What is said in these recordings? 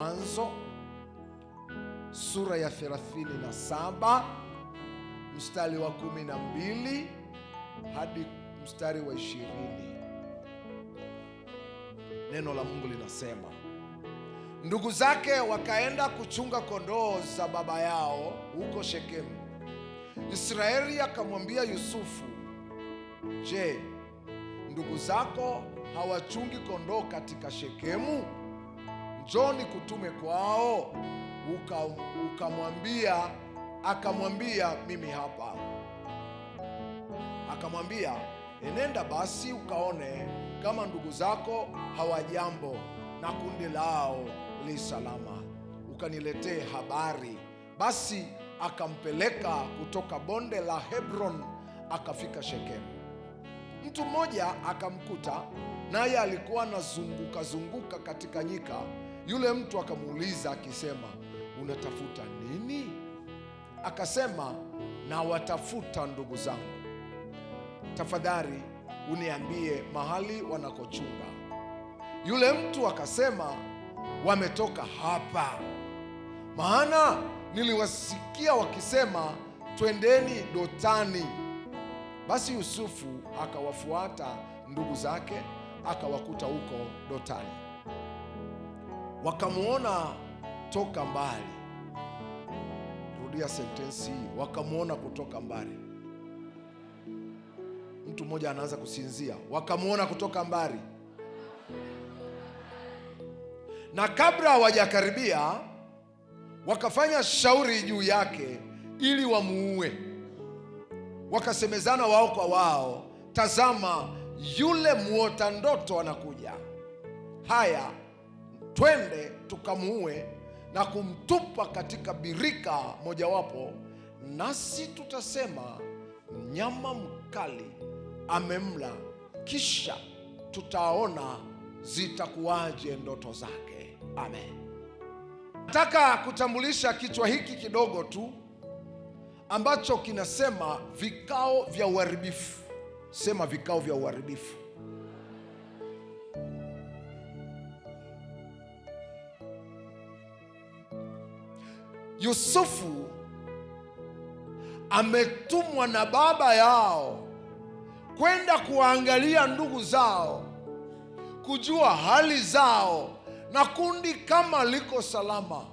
Mwanzo sura ya 37 mstari wa 12 hadi mstari wa 20. Neno la Mungu linasema, ndugu zake wakaenda kuchunga kondoo za baba yao huko Shekemu. Israeli akamwambia Yusufu, "Je, ndugu zako hawachungi kondoo katika Shekemu?" njoo kutume kwao, ukamwambia uka akamwambia, mimi hapa. Akamwambia, enenda basi ukaone kama ndugu zako hawajambo na kundi lao li salama, ukaniletee habari. Basi akampeleka kutoka bonde la Hebron akafika Shekemu. Mtu mmoja akamkuta, naye alikuwa anazunguka zunguka katika nyika yule mtu akamuuliza akisema, unatafuta nini? Akasema, nawatafuta ndugu zangu, tafadhali uniambie mahali wanakochunga. Yule mtu akasema, wametoka hapa, maana niliwasikia wakisema, twendeni Dotani. Basi Yusufu akawafuata ndugu zake, akawakuta huko Dotani wakamwona toka mbali. Rudia sentensi hii, wakamwona kutoka mbali. Mtu mmoja anaanza kusinzia, wakamwona kutoka mbali. Na kabla hawajakaribia wakafanya shauri juu yake ili wamuue, wakasemezana wao kwa wao, tazama, yule mwota ndoto anakuja. Haya, twende tukamuue na kumtupa katika birika mojawapo, nasi tutasema mnyama mkali amemla, kisha tutaona zitakuwaje ndoto zake. Amen. Nataka kutambulisha kichwa hiki kidogo tu ambacho kinasema vikao vya uharibifu. Sema vikao vya uharibifu. Yusufu ametumwa na baba yao kwenda kuwaangalia ndugu zao, kujua hali zao na kundi kama liko salama.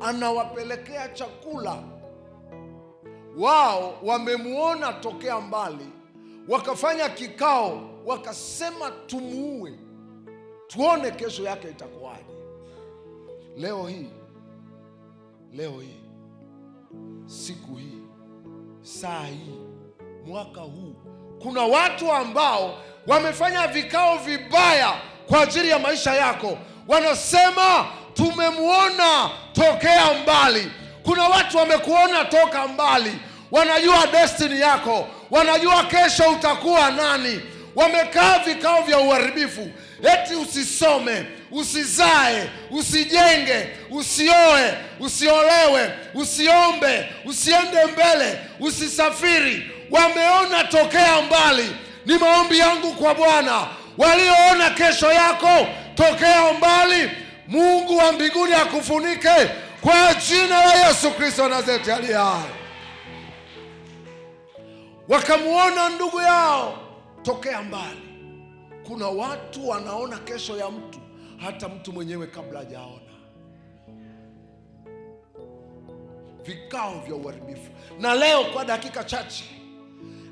Anawapelekea chakula wao, wamemwona tokea mbali, wakafanya kikao, wakasema tumuue, tuone kesho yake itakuwaje. Leo hii leo hii, siku hii, saa hii, mwaka huu, kuna watu ambao wamefanya vikao vibaya kwa ajili ya maisha yako, wanasema tumemwona tokea mbali. Kuna watu wamekuona toka mbali, wanajua destiny yako, wanajua kesho utakuwa nani. Wamekaa vikao vya uharibifu, eti usisome usizae, usijenge, usioe, usiolewe, usiombe, usiende mbele, usisafiri. Wameona tokea mbali. Ni maombi yangu kwa Bwana, walioona kesho yako tokea mbali, Mungu wa mbinguni akufunike kwa jina la Yesu Kristo Nazareti aliye hai. Wakamwona ndugu yao tokea mbali. Kuna watu wanaona kesho ya mtu hata mtu mwenyewe kabla hajaona vikao vya uharibifu. Na leo kwa dakika chache,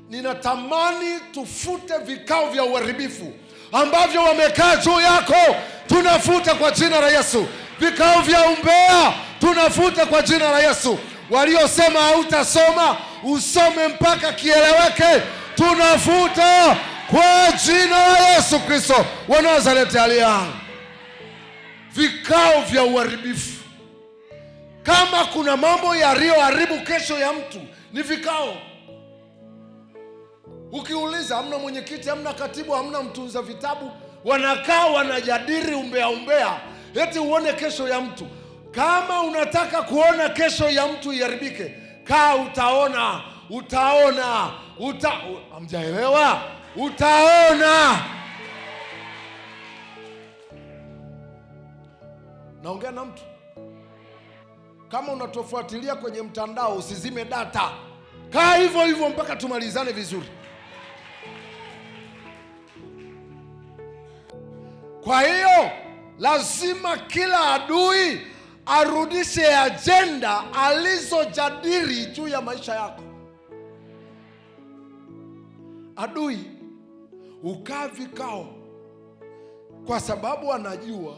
ninatamani tufute vikao vya uharibifu ambavyo wamekaa juu yako, tunafuta kwa jina la Yesu. Vikao vya umbea tunafuta kwa jina la Yesu. Waliosema hautasoma usome mpaka kieleweke, tunafuta kwa jina la Yesu Kristo wa Nazareti aliye hai vikao vya uharibifu. Kama kuna mambo yaliyoharibu kesho ya mtu ni vikao. Ukiuliza, hamna mwenyekiti, hamna katibu, hamna mtunza vitabu, wanakaa wanajadili umbea umbea, eti uone kesho ya mtu. Kama unataka kuona kesho ya mtu iharibike, kaa utaona, utaona, uta, hamjaelewa, utaona Naongea na mtu. Kama unatofuatilia kwenye mtandao, usizime data, kaa hivyo hivyo mpaka tumalizane vizuri. Kwa hiyo lazima kila adui arudishe ajenda alizojadili juu ya maisha yako. Adui ukaa vikao, kwa sababu anajua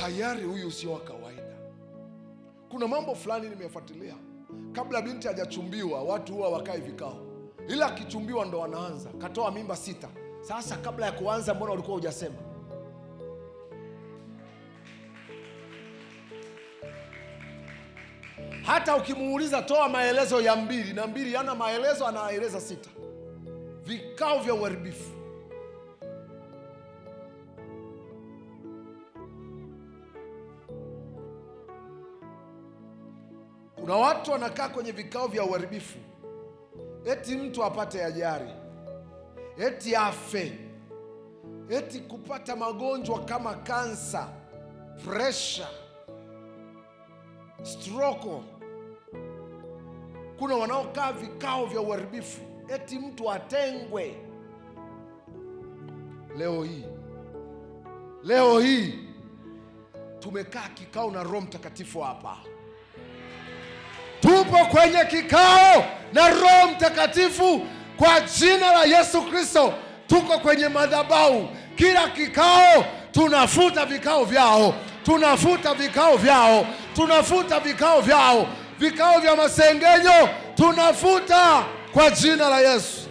tayari huyu sio wa kawaida. Kuna mambo fulani nimefuatilia, kabla binti hajachumbiwa watu huwa wakae vikao, ila akichumbiwa ndo wanaanza katoa mimba sita. Sasa kabla ya kuanza, mbona ulikuwa hujasema? Hata ukimuuliza toa maelezo ya mbili na mbili, yana maelezo anaeleza sita. Vikao vya uharibifu Kuna watu wanakaa kwenye vikao vya uharibifu, eti mtu apate ajali, eti afe, eti kupata magonjwa kama kansa, presha, stroko. Kuna wanaokaa vikao vya uharibifu, eti mtu atengwe. Leo hii, leo hii tumekaa kikao na Roho Mtakatifu hapa tupo kwenye kikao na Roho Mtakatifu kwa jina la Yesu Kristo. Tuko kwenye madhabahu, kila kikao tunafuta vikao vyao, tunafuta vikao vyao, tunafuta vikao vyao, vikao vya masengenyo tunafuta kwa jina la Yesu.